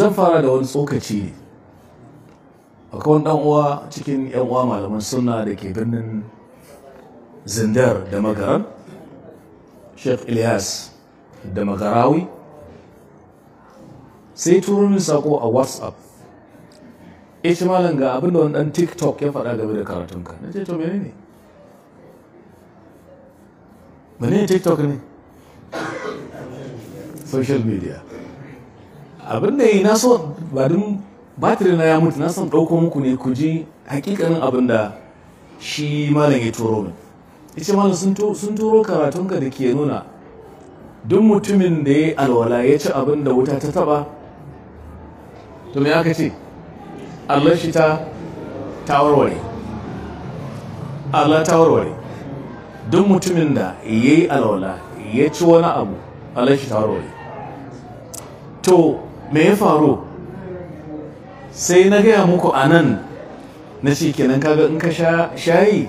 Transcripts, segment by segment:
zan fara da wani tsokaci ne. akwai wani uwa cikin yan uwa malaman suna da ke birnin zindar da magaran sheikh ilyas da magarawi sai turo min sako a whatsapp ya ce malam ga abin da wani dan tiktok ya faɗa game da karatunka na ce to menene menene tiktok ne social media abin da na so ba don batiri na ya mutu na son ɗauko muku ne ku ji hakikanin abin da shi malam ya turo min yace malam sun turo karatun ka da ke nuna duk mutumin da ya alwala ya ci abin da wuta ta taba to me aka ce Allah shi ta tawarware Allah tawarware duk mutumin da ya yi alwala ya ci wani abu Allah shi tawarware to me ya faru sai na gaya muku a nan na shi kenan kaga in ka shayi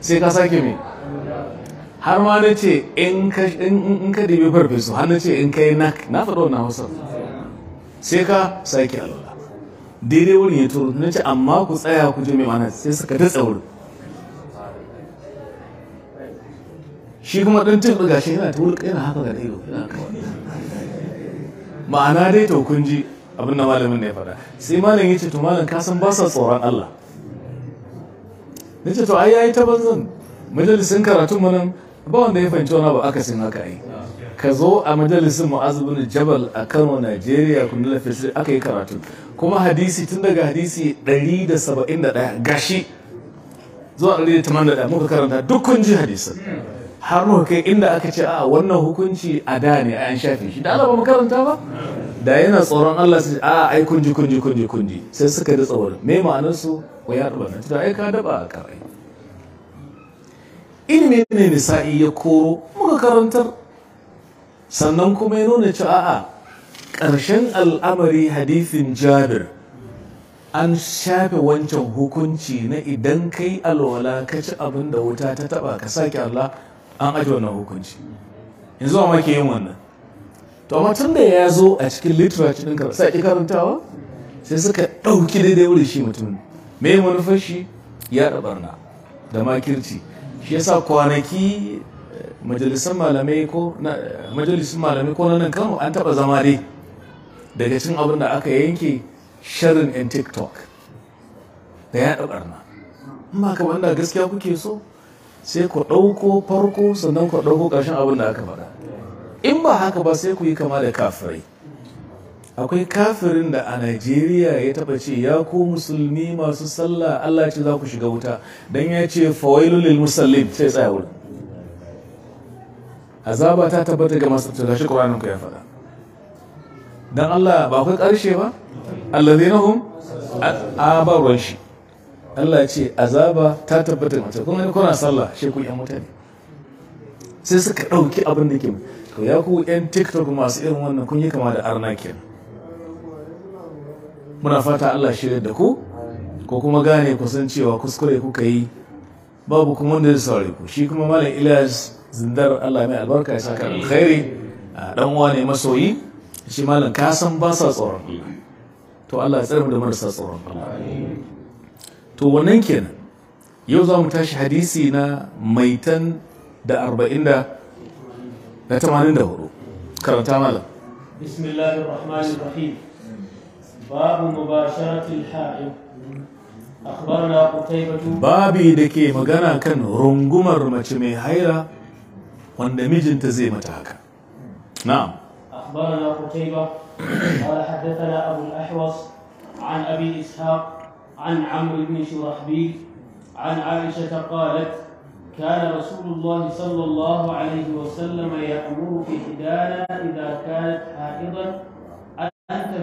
sai ka sake me har ma na ce in ka dibi farfesu har na ce in ka yi na faɗo na hausa sai ka sake alwala daidai wurin ya turu na ce amma ku tsaya ku ji mai mana sai suka ta tsauri shi kuma ɗan tun ɗiga shi yana ta wulƙa yana haka ga ɗaya ma'ana dai to kun ji abin da malamin ne ya faɗa sai malam ya ce to malam ka san ba sa tsoron Allah nace ce to ai yayi ta banzan majalisin karatu mu nan ba wanda ya fahimci wani ba akasin haka ai ka zo a majalisin mu'az jabal a Kano Najeriya kun da aka yi karatu kuma hadisi tun daga hadisi 171 gashi zuwa 181 muka karanta duk kun ji hadisin har muka kai inda aka ce a wannan hukunci a da ne a yan shafi shi da Allah ba mu ba da yana tsoron Allah sai a ai kunji kunji kunji kunji sai suka da tsoron me ma'anar su wa ya ruba nan da ai ka daba a karai in ne nisa'i ya koro muka karantar sannan kuma ya nuna cewa Karshen ƙarshen al'amari hadithin jabir an shafe wancan hukunci na idan kai alwala ka ci abin da wuta ta taba ka sake Allah an ajiye wannan hukunci yanzu ma ke yin wannan to amma tun da ya zo a cikin literature ɗin karatu sai karantawa sai suka ɗauki daidai wurin shi mutum me wani fashi ya barna da makirci shi yasa kwanaki eh, majalisar malamai ko na eh, malamai ko nan kan an taɓa zama dai daga cin abin da aka yanke sharin 'yan tiktok da ya barna amma kamar da gaskiya kuke so sai ku ɗauko farko sannan ku ɗauko ƙarshen abin da aka faɗa in ba haka ba sai ku yi kama da kafirai akwai kafirin da a najeriya ya taba ce ya ku musulmi masu sallah allah ce za ku shiga wuta don ya ce Fawailu lil musallin sai tsaya wurin azaba ta tabbata ga masu tsafta shi ƙuranin ku ya faɗa don allah ba akwai ƙarshe ba allazina hum a ba shi Allah ce azaba ta tabbatar mace kuma ne kuna sallah shi ku yan mutane sai suka ɗauki abin da ke to ya ku yan tiktok masu irin wannan kun yi kama da arna muna fata Allah shi da ku ko kuma gane kusan cewa kuskure kuka yi babu kuma wanda zai saurare ku shi kuma malam ilyas zindar allah mai albarka ya saka alkhairi a dan wane masoyi shi malam ka san ba sa tsoron to allah ya tsare mu da marasa tsoron allah to wannan kenan yau za mu tashi hadisi na maitan da arba'in da na tamanin da hudu karanta malam bismillahir rahmanir rahim babu magana kan rungumar mace mai haira wanda mijinta zai mata haka na'am عن عمرو بن شرحبيل عن عائشة قالت كان رسول الله صلى الله عليه وسلم يأمر في إحدانا إذا كانت حائضا أن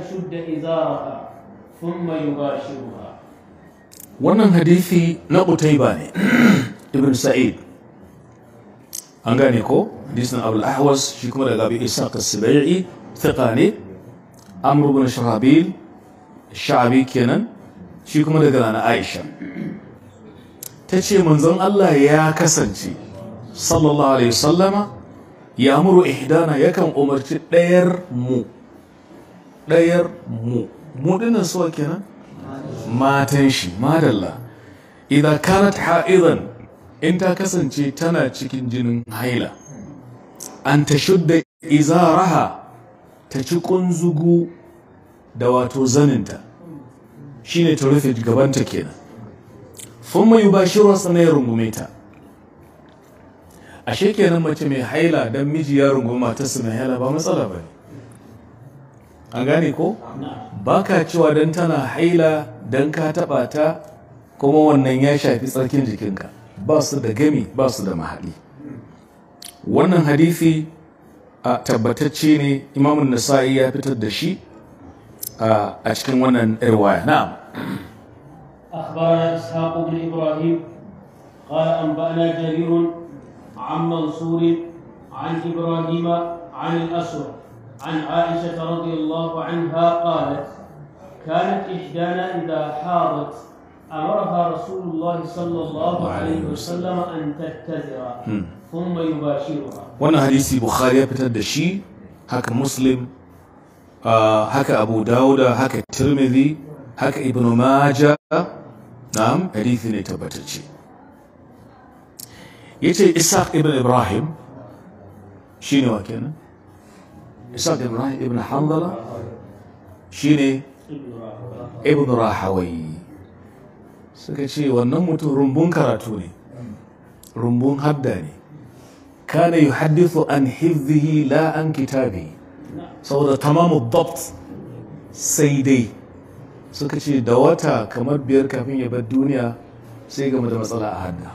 تشد إزارها ثم يباشرها wannan hadithi na Qutayba ne Ibn Sa'id an gane ko hadisin Abu al-Ahwas shi kuma daga Abi Ishaq as-Sibai'i thiqa Amr ibn Sha'bi kenan shi kuma daga nana aisha ta ce manzon Allah ya kasance sallallahu alaihi wasallama ya muru ihdana yakan umarci ɗayar mu ɗayar mu mu su suwa kenan matan shi madalla idan kanat ha'izan in ta kasance tana cikin jinin haila an ta shudda izaraha ta ci kunzugu da wato zaninta shine ta rufe gabanta kenan shi yubashiru sana ya rungume ta ashe kenan mace mai haila dan miji ya rungume matarsa mai haila ba matsala bane an gane ko baka cewa dan tana haila dan ka taba ta kuma wannan ya shafi tsarkin jikinka ba su da gami ba su da mahali wannan hadisi a tabbatacce ne imamun nasa'i ya fitar da shi a cikin wannan riwaya أخبرنا إسحاق بن إبراهيم قال أنبأنا جرير عن منصور عن إبراهيم عن الأسر عن عائشة رضي الله عنها قالت كانت إحدانا إذا حاضت أمرها رسول الله صلى الله عليه وسلم أن تتذر ثم يباشرها وانا حديث بخاري بتدشي هك مسلم Ah, haka abu dauda haka tirmidhi haka ibnu maja na'am hadithi ne tabbatacce yace isaq ibn ibrahim shine wa kenan Ibn ibrahim ibn hanzala shine ibn rahawai suka ce wannan mutum rumbun karatu ne rumbun hadda ne kana yuhaddithu an hifzihi la an kitabi saboda tamamu dabt sai dai suka ce da wata kamar biyar kafin ya bar duniya sai game da matsala a hadda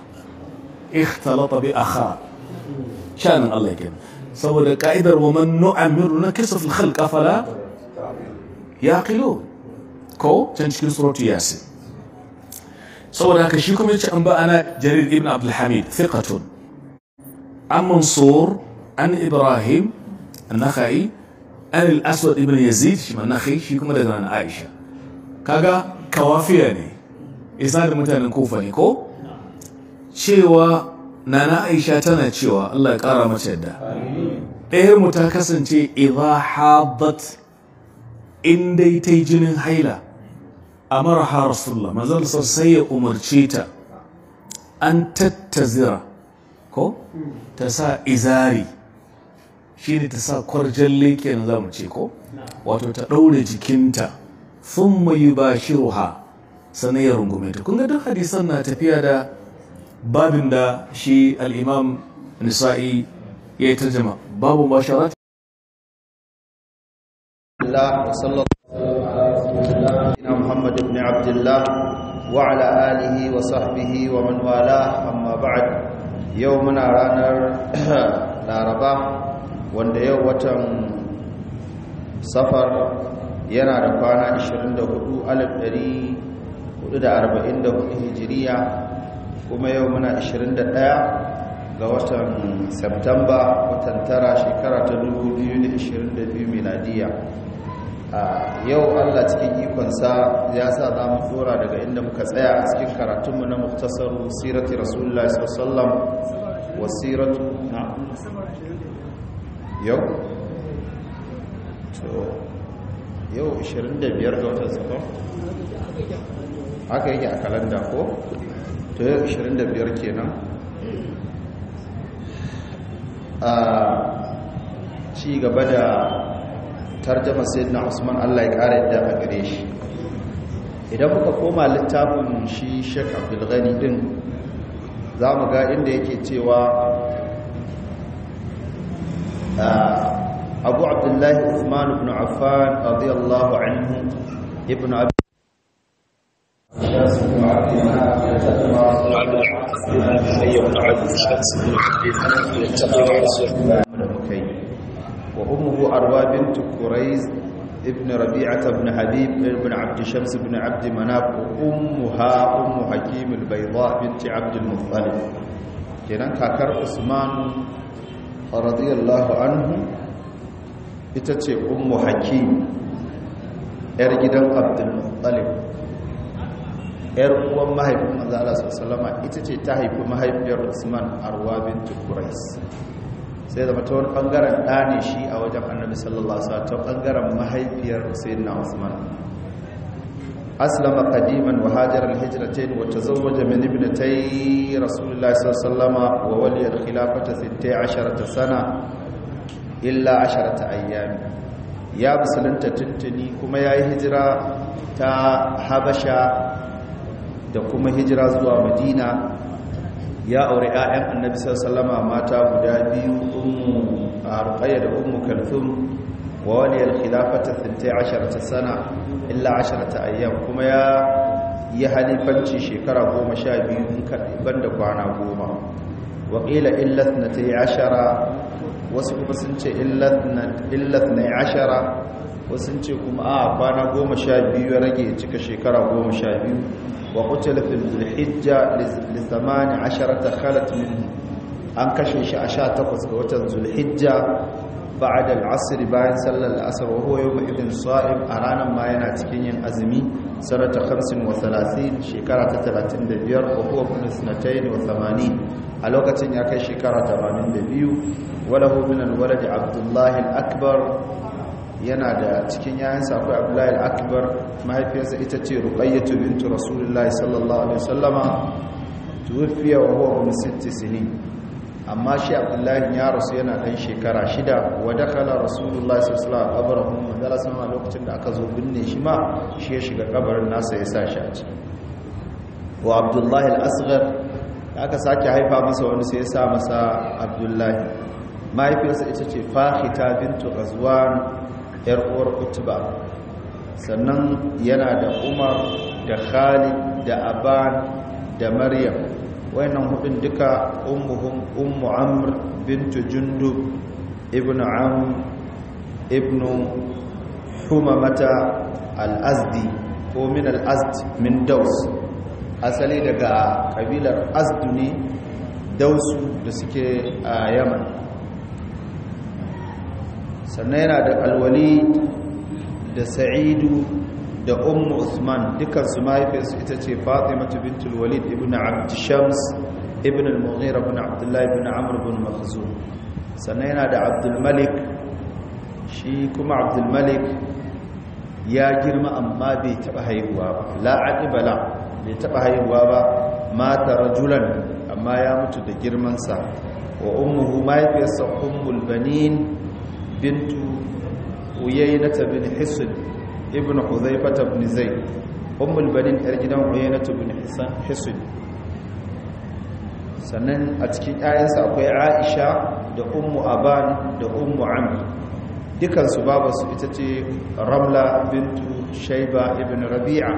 ikhtalata bi akha shanin Allah yake saboda ka'idar wa man nu'amiru na kasaf al-khalq afala yaqilu ko can cikin suratu yasin saboda haka shi kuma yace an ba ana jarir ibn abdul hamid thiqatun an mansur an ibrahim an-nakhai al aswad ibn yazid shi manahi shi kuma daga nan aisha kaga kawafiya ne Isa da mutanen kufa ne ko cewa nana aisha tana cewa Allah ya ƙara mace yadda ɗayar mu ta kasance idha hadat in dai ta yi jinin haila A amarha rasulullah manzon sai ya umarce ta an tattazira ko ta sa izari shine ta sa kwarjan kenan za mu ce ko wato ta ɗaure jikinta sun mai ba ruha sannan ya rungume ta kun ga duk hadisan na tafiya da babin da shi al'imam nisa'i ya yi tarjama babu masharat محمد بن عبد الله وعلى آله وصحبه ومن والاه أما بعد يومنا رانر لاربا wanda yau watan safar yana da kwana 24,444 hijiriya kuma yau muna 21 ga watan Septamba watan tara shekara ta 2022 miladiya yau Allah cikin ikonsa ya sa za mu tsora daga inda muka tsaya a cikin karatunmu na muktasaru sirati rasulullah sallallahu alaihi wasallam wasiratu na yau yau 25 ga watan safar haka yake a kalanda ko to yau 25 kenan a ah, ci gaba da tarjama sai na Usman Allah ya kare da a gare shi idan muka koma littafin shi shek Abdul din din mu ga inda yake cewa abu abdullahi usman ibn affan radiyallahu anhu ibn abi وأمه أروى بنت كريز ابن ربيعة بن حبيب بن عبد شمس بن عبد مناف وأمها أم حكيم البيضاء بنت عبد المطلب kenan kakar Usman radiyallahu anhu ita ce ummu hakim yar gidan abdul muttalib yar uwan mahaifin manzo Allah sallallahu ita ce ta haifi mahaifiyar Usman Arwa bint Quraish sai da mata wani bangaren ɗane shi a wajen Annabi sallallahu alaihi wasallam ta bangaren mahaifiyar Sayyidina Usman أسلم قديما وهاجر الهجرتين وتزوج من ابنتي رسول الله صلى الله عليه وسلم وولي الخلافة ستي عشرة سنة إلا عشرة أيام يا مسلم تتني كما يا هجرة تا حبشة da kuma hijira zuwa madina ya aure 'ya'yan annabi sallama mata guda biyu ummu a ruqayya da ummu kalthum وولي الخلافة الثنتي عشرة سنة إلا عشرة أيام كما يا يهلي فنشي شكرا قوم شابي بندك عنا قوما وقيل إلا اثنتي عشرة وسكما سنشي إلا اثني عشرة وسنشي كما أعبانا قوم شابي ورقي تك شكرا قوم شابي وقتل في الحجة لثمان عشرة خلت منه أنكشش أشاتك وسكوة ذو الحجة ba'da al-asr bayan sallar al-asr wa huwa yawm idin sa'im a ranar ma yana cikin yin azumi sanata 35 shekara ta 35 wa huwa ibn 82 a lokacin ya kai shekara 82 walahu min al-walad Abdullah al-akbar yana da cikin yayansa akwai abdullahi al-akbar mahaifiyarsa ita ce ruqayyatu bintu rasulullahi sallallahu alaihi wasallama tuwfiya wa amma shi abdullahi ya rasu yana ɗan shekara shida wa dakala rasulullahi sallallahu alaihi lokacin da aka zo binne shi ma shi ya shiga kabarin nasa ya sa shi a wa abdullahi al'asirar da aka sake haifa masa wani sai ya sa masa abdullahi mahaifiyarsa ita ce fahita bintu razuwan yar uwar Kutuba sannan yana da umar da khalid da aban da maryam wayannan hudun duka umuhun umu amr bintu jundub ibnu am ibnu humamata ko min al'azd min daus asali daga kabilar azdu ne dausu da suke a yaman sannan yana da alwali da sa'idu da ummu usman dukkan su mahaifinsu ita ce fatimatu bintul walid ibn abd shams ibn al-mughira ibn abdullah ibn amr ibn makhzum sannan yana da abdul malik shi kuma abdul malik ya girma amma bai taba haihuwa ba la bala bai taba haihuwa ba mata rajulan amma ya mutu da girmansa wa ummuhu mahaifiyarsa ummul banin bintu uyaynata bin hisn ibn huzaifa ibn zaid ummul banin yar gidan uyaynatu ibn hisan hisun sannan a cikin 'ya'yansa akwai aisha da ummu aban da ummu ammi dukansu su ita ce ramla bintu shaiba ibn rabi'a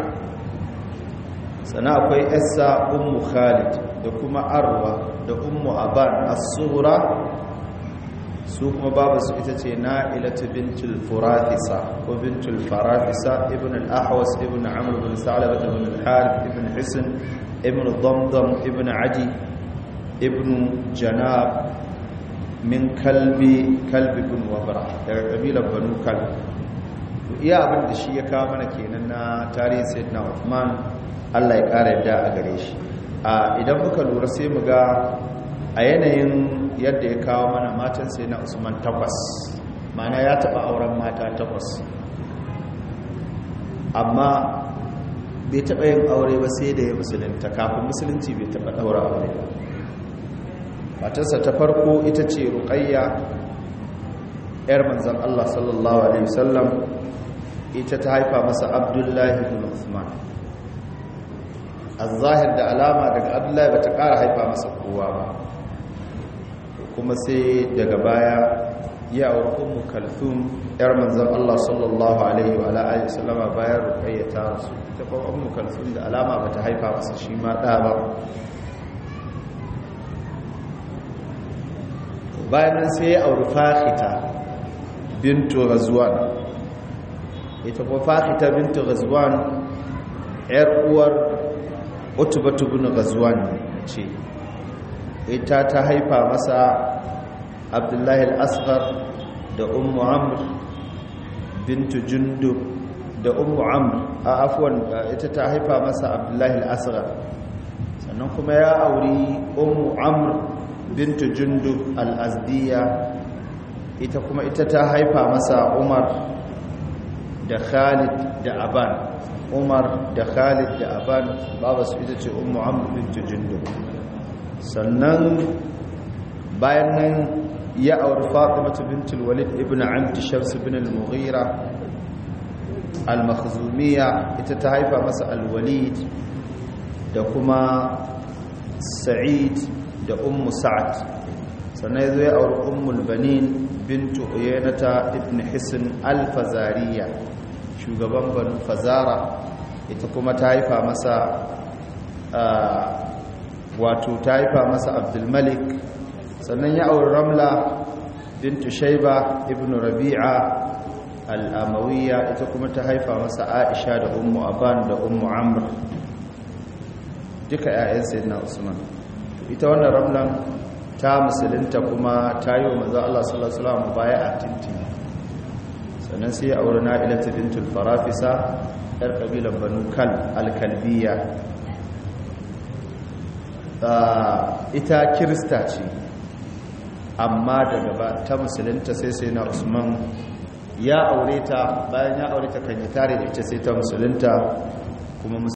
sannan akwai yassa ummu khalid da kuma arwa da ummu aban as-sughra su kuma su ita ce na'ilatu bintul furafisa ko bintul farafisa ibn al-ahwas ibn amr bin salaba ibn al-harith ibn hisn ibn damdam ibn adi ibn janab min kalbi kalbi ibn wabra daga kabilar banu kalb iya abin da shi ya kawo mana kenan na tarihin sayyidina uthman Allah ya kara yadda a gare shi idan muka lura sai mu ga a yanayin yadda ya kawo mana matan sai na usman takwas mana ya taba auren mata takwas amma bai taba yin aure ba sai da ya musulunta kafin musulunci bai taɓa ɗaura aure matarsa ta farko ita ce Rukayya, 'yar manzan Allah sallallahu Alaihi wasallam ita ta haifa masa abdullahi bin usman a zahir da alama daga abdullahi ba ta ƙara haifa masa kowa ba kuma sai daga baya ya auri ummu yar manzan Allah sallallahu alaihi wa ala'ayi salama bayan ruqayya ta su. ita kuma ummu da alama bata haifa masu shi ma ɗa ba bayan sai ya auri fahita bintu Razuwan, ita kuma fahita bintu Razuwan, yar uwar utbatu bin razuwan ce ita ta haifa masa abdullahi al'asfar da ummu amr bintu jundu da ummu amr a afuwan ita ta haifa masa abdullahi al'asfar sannan kuma ya auri ummu amr bintu jundub al'azdiya ita kuma ita ta haifa masa umar da khalid da aban umar da khalid da aban babasu ita ce ummu amr bintu jundu. sannan bayan nan ya auri fatimata bintul walid ibn amti shams ibn al-mughira al-makhzumiyya ita ta haifa masa al-walid da kuma sa'id da ummu sa'ad sannan yazo ya auri ummul banin bintu uyaynata ibn hisn al-fazariya shugaban banu fazara ita kuma ta haifa masa ah, wato ta haifa masa abdulmalik sannan ya auri ramla bintu shaiba ibn rabi'a al'amawiya ita kuma ta haifa masa aisha da ummu aban da ummu amr duka 'ya'yan sayyidina usman ita wannan ramlan ta musulunta kuma ta yi wa maza Allah sallallahu alaihi wasallam baya a titi sannan sai ya auri ila bintul farafisa yar kabilan banu kal alkalbiya Ah, ita kirista ce amma daga ba ta musulunta sai sai na usman ya aure ta bayan ya aure ta kan yi tare da ita sai ta musulunta kuma